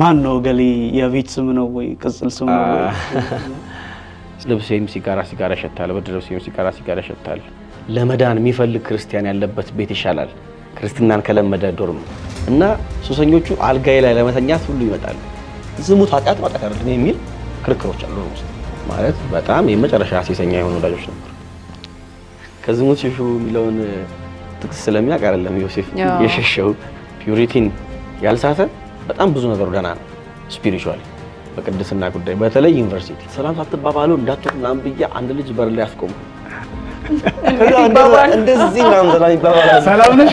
ማን ነው ገሌ የቤት ስም ነው ወይ ቅጽል ስም ነው ወይ? ልብሴም ሲጋራ ሲጋራ ይሸታል፣ ብርድ ልብሴም ሲጋራ ሲጋራ ይሸታል። ለመዳን የሚፈልግ ክርስቲያን ያለበት ቤት ይሻላል ክርስትናን ከለመደ ዶርም እና ሱሰኞቹ አልጋዬ ላይ ለመተኛት ሁሉ ይመጣሉ። ዝሙት ኃጢአት ማጣት አይደለም የሚል ክርክሮች አሉ። ነው ማለት በጣም የመጨረሻ ሴሰኛ የሆኑ ወዳጆች ነበሩ። ከዝሙት ሽሹ የሚለውን ጥቅስ ስለሚያውቅ አይደለም ዮሴፍ የሸሸው ፒዩሪቲን ያልሳተ በጣም ብዙ ነገሩ ደህና ነው። ስፒሪቹዋል በቅድስና ጉዳይ በተለይ ዩኒቨርሲቲ ሰላም ሳትባባሉ እንዳትሆን ምናምን ብዬ አንድ ልጅ በር ላይ አስቆሙ። እንደዚህ ምናምን ሰላም ይባባላል። ሰላም ነሽ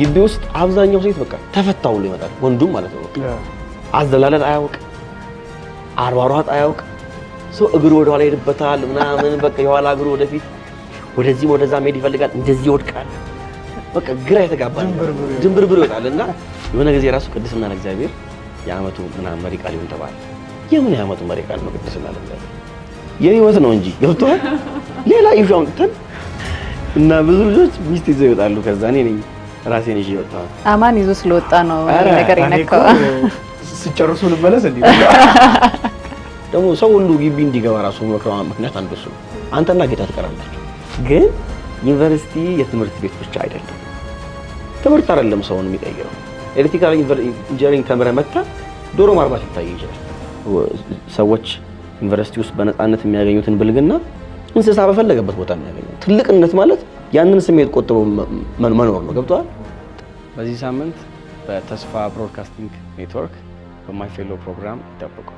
ግቢ ውስጥ አብዛኛው ሴት በቃ ተፈታ ብሎ ይመጣል። ወንዱም ማለት ነው። አዘላለል አያውቅ፣ አሯሯጥ አያውቅ። ሰው እግሩ ወደ ኋላ ይሄድበታል ምናምን በቃ የኋላ እግሩ ወደፊት ወደዚህም ወደዛ መሄድ ይፈልጋል። እንደዚህ ይወድቃል። በቃ ግራ የተጋባ ድንብርብር ይወጣል። እና የሆነ ጊዜ ራሱ ቅድስና ለእግዚአብሔር የአመቱ ምናምን መሪ ቃል ይሁን ተባለ። የምን የአመቱ መሪ ቃል ነው? ቅድስና ለእግዚአብሔር የህይወት ነው እንጂ ገብቶሃል። ሌላ ይሹ አምጥተን እና ብዙ ልጆች ሚስት ይዘው ይወጣሉ። ከዛ እኔ ነኝ ራሴን ይዤ ይወጣ አማን ይዞ ስለወጣ ነው ነገር የነካው። ስጨርሱ ልመለስ እንዲ ደግሞ ሰው ሁሉ ግቢ እንዲገባ ራሱ መክረዋ ምክንያት አንዱ እሱ ነው። አንተና ጌታ ትቀራላችሁ። ግን ዩኒቨርሲቲ የትምህርት ቤት ብቻ አይደለም። ትምህርት አይደለም ሰውን የሚቀይረው። ኤሌክትሪካል ኢንጂነሪንግ ተምረህ መጥተህ ዶሮ ማርባት ይታይ ይችላል። ሰዎች ዩኒቨርሲቲ ውስጥ በነፃነት የሚያገኙትን ብልግና እንስሳ በፈለገበት ቦታ የሚያገኙ ትልቅነት ማለት ያንን ስሜት ቆጥበው መኖር ነው። ገብቷል። በዚህ ሳምንት በተስፋ ብሮድካስቲንግ ኔትወርክ በማይ ፕሮግራም ይጠብቁ።